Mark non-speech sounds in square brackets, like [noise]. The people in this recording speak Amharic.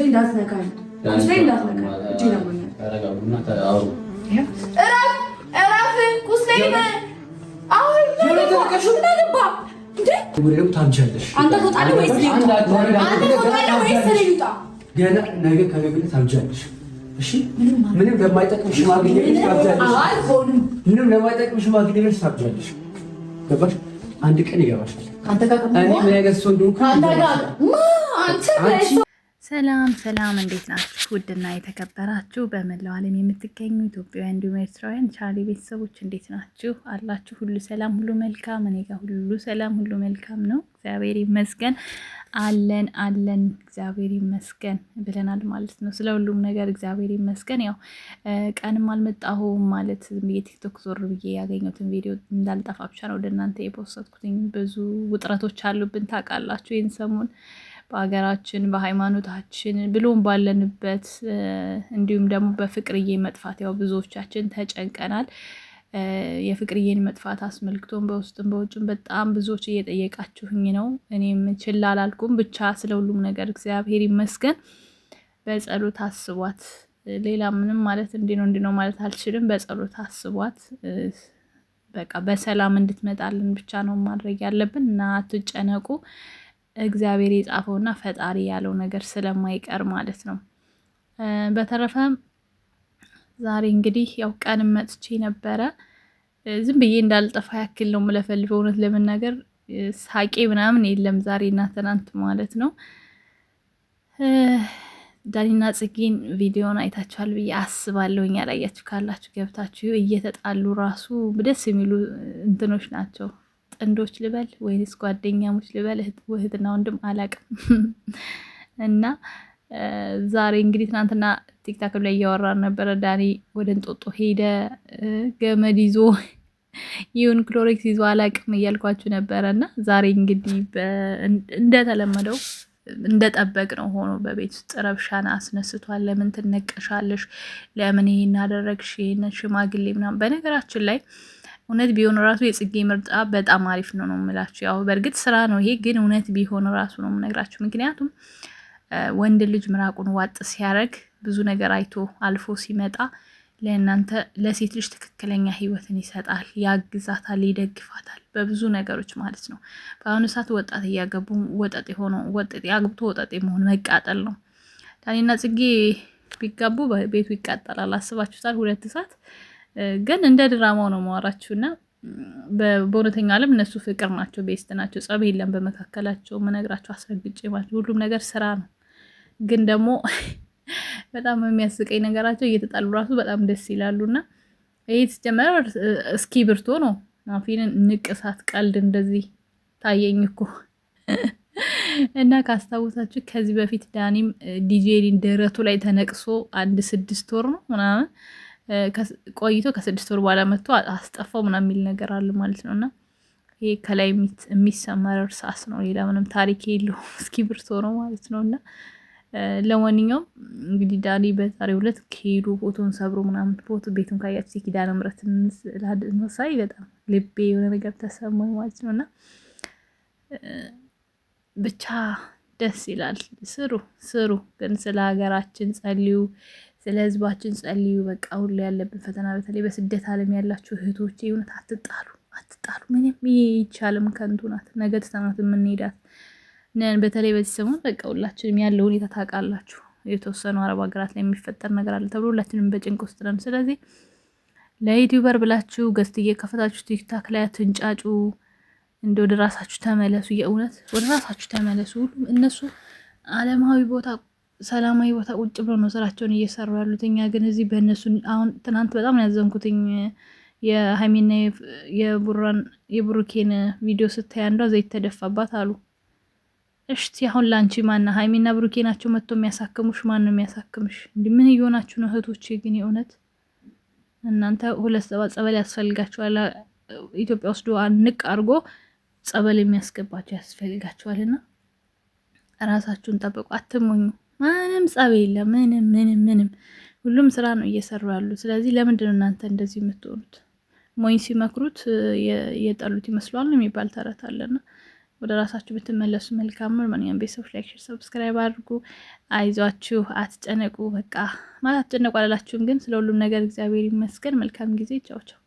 ላይ እንዳትነካኝ፣ እጅ አንተ ትወጣለህ ወይስ እኔ ልውጣ? ገና ነገ ከነገ ምንም ምንም ለማይጠቅም ሽማግሌ ብለሽ ቀን ይገባሻል። አንተ ጋር ምን ሰላም ሰላም፣ እንዴት ናችሁ? ውድና የተከበራችሁ በመላው ዓለም የምትገኙ ኢትዮጵያውያን እንዲሁም ኤርትራውያን ቻሌ ቤተሰቦች እንዴት ናችሁ? አላችሁ? ሁሉ ሰላም፣ ሁሉ መልካም። እኔ ጋር ሁሉ ሰላም፣ ሁሉ መልካም ነው። እግዚአብሔር ይመስገን። አለን አለን፣ እግዚአብሔር ይመስገን ብለናል ማለት ነው። ስለ ሁሉም ነገር እግዚአብሔር ይመስገን። ያው ቀንም አልመጣሁም ማለት የቲክቶክ ዞር ብዬ ያገኘሁትን ቪዲዮ እንዳልጠፋ ብቻ ነው ወደ እናንተ የፖስትኩትኝ። ብዙ ውጥረቶች አሉብን ታውቃላችሁ፣ ይህን ሰሞን በሀገራችን በሃይማኖታችን ብሎም ባለንበት እንዲሁም ደግሞ በፍቅርዬ መጥፋት ያው ብዙዎቻችን ተጨንቀናል። የፍቅርዬን መጥፋት አስመልክቶም በውስጥም በውጭም በጣም ብዙዎች እየጠየቃችሁኝ ነው። እኔም ችላ አላልኩም። ብቻ ስለ ሁሉም ነገር እግዚአብሔር ይመስገን። በጸሎት አስቧት። ሌላ ምንም ማለት እንዲ ነው እንዲህ ነው ማለት አልችልም። በጸሎት አስቧት። በቃ በሰላም እንድትመጣልን ብቻ ነው ማድረግ ያለብን እና አትጨነቁ። እግዚአብሔር የጻፈውና ፈጣሪ ያለው ነገር ስለማይቀር ማለት ነው። በተረፈ ዛሬ እንግዲህ ያው ቀን መጥቼ ነበረ። ዝም ብዬ እንዳልጠፋ ያክል ነው የምለፈልፈው። እውነት ለመናገር ሳቄ ምናምን የለም ዛሬና ትናንት ማለት ነው። ዳኒና ጽጌን ቪዲዮን አይታችኋል ብዬ አስባለሁ። ያላያችሁ ካላችሁ ገብታችሁ እየተጣሉ ራሱ ደስ የሚሉ እንትኖች ናቸው ጥንዶች ልበል ወይስ ጓደኛሞች ልበል ውህትና ወንድም አላቅም። [laughs] እና ዛሬ እንግዲህ ትናንትና ቲክታክ ላይ እያወራን ነበረ። ዳኒ ወደ እንጦጦ ሄደ ገመድ ይዞ [laughs] ይሁን ክሎሪክስ ይዞ አላቅም እያልኳችሁ ነበረ። እና ዛሬ እንግዲህ እንደተለመደው እንደጠበቅ ነው ሆኖ በቤት ውስጥ ረብሻን አስነስቷል። ለምን ትነቀሻለሽ? ለምን ይሄን አደረግሽ? ይሄንን ሽማግሌ ምናምን በነገራችን ላይ እውነት ቢሆን ራሱ የጽጌ ምርጫ በጣም አሪፍ ነው ነው የምላችሁ። ያው በእርግጥ ስራ ነው ይሄ፣ ግን እውነት ቢሆን ራሱ ነው የምነግራችሁ። ምክንያቱም ወንድ ልጅ ምራቁን ዋጥ ሲያደርግ ብዙ ነገር አይቶ አልፎ ሲመጣ ለእናንተ ለሴት ልጅ ትክክለኛ ህይወትን ይሰጣል፣ ያግዛታል፣ ይደግፋታል በብዙ ነገሮች ማለት ነው። በአሁኑ ሰዓት ወጣት እያገቡ ወጠጥ የሆነ ወጠጤ አግብቶ ወጠጤ መሆን መቃጠል ነው። ዳኒና ጽጌ ቢጋቡ ቤቱ ይቃጠላል። አስባችሁታል? ሁለት ሰዓት ግን እንደ ድራማው ነው ማወራችሁ እና በእውነተኛ ዓለም እነሱ ፍቅር ናቸው፣ ቤስት ናቸው፣ ጸብ የለም በመካከላቸው። መነግራቸው አስረግጬ ማለት ሁሉም ነገር ስራ ነው። ግን ደግሞ [laughs] በጣም የሚያስቀኝ ነገራቸው እየተጣሉ ራሱ በጣም ደስ ይላሉ እና ይህ ሲጀመር እስኪ ብርቶ ነው ናፊንን ንቅሳት ቀልድ እንደዚህ ታየኝ እኮ [laughs] እና ካስታወሳችሁ ከዚህ በፊት ዳኒም ዲጄሊን ደረቱ ላይ ተነቅሶ አንድ ስድስት ወር ነው ምናምን ቆይቶ ከስድስት ወር በኋላ መጥቶ አስጠፋው ምናምን የሚል ነገር አለ ማለት ነው። እና ይሄ ከላይ የሚሰመረ እርሳስ ነው፣ ሌላ ምንም ታሪክ የለውም። [laughs] እስክሪብቶ ነው ማለት ነው። እና ለማንኛውም እንግዲህ ዳኒ በዛሬው ዕለት ከሄዱ ፎቶን ሰብሮ ምናምን ፎቶ ቤቱን ካያችሁ የኪዳነ ምሕረትን ሳይ በጣም ልቤ የሆነ ነገር ተሰማኝ ማለት ነው እና ብቻ ደስ ይላል። ስሩ ስሩ ግን ስለ ሀገራችን ጸልዩ። ስለ ህዝባችን ጸልዩ። በቃ ሁሉ ያለብን ፈተና በተለይ በስደት ዓለም ያላችሁ እህቶች እውነት አትጣሉ፣ አትጣሉ። ምንም ይቻልም ከንቱ ናት፣ ነገ ትተናት የምንሄዳት ነን። በተለይ በዚህ ሰሞን በቃ ሁላችንም ያለው ሁኔታ ታውቃላችሁ። የተወሰኑ አረብ ሀገራት ላይ የሚፈጠር ነገር አለ ተብሎ ሁላችንም በጭንቅ ውስጥ ነን። ስለዚህ ለዩቲዩበር ብላችሁ ገዝት እየከፈታችሁ ቲክታክ ላይ አትንጫጩ። እንደ ወደ ራሳችሁ ተመለሱ። የእውነት ወደ ራሳችሁ ተመለሱ። ሁሉም እነሱ አለማዊ ቦታ ሰላማዊ ቦታ ቁጭ ብሎ ነው ስራቸውን እየሰሩ ያሉት። እኛ ግን እዚህ በእነሱ አሁን ትናንት በጣም ነው ያዘንኩትኝ። የሀይሜና የቡራን የቡሩኬን ቪዲዮ ስታይ አንዷ ዘይት ተደፋባት አሉ። እሽቲ አሁን ላንቺ ማና ሀይሜና ብሩኬ ናቸው መጥቶ የሚያሳክሙሽ? ማን ነው የሚያሳክምሽ? እንዲ ምን እየሆናችሁ ነው እህቶቼ? ግን የእውነት እናንተ ሁለት ሰባ ጸበል ያስፈልጋችኋል። ኢትዮጵያ ውስጥ አንቅ አድርጎ ጸበል የሚያስገባቸው ያስፈልጋችኋልና ራሳችሁን ጠብቁ፣ አትሞኙ። ማንም ጸብ የለም። ምንም ምንም ምንም ሁሉም ስራ ነው እየሰሩ ያሉ። ስለዚህ ለምንድን ነው እናንተ እንደዚህ የምትሆኑት? ሞኝ ሲመክሩት የጠሉት ይመስሏል የሚባል ተረት አለና ወደ ራሳችሁ ብትመለሱ መልካም ነው። ማንኛውም ቤተሰቦች ላይክ፣ ሼር፣ ሰብስክራይብ አድርጉ። አይዟችሁ፣ አትጨነቁ። በቃ ማለት አትጨነቁ አላላችሁም፣ ግን ስለ ሁሉም ነገር እግዚአብሔር ይመስገን። መልካም ጊዜ። ቻው ቻው።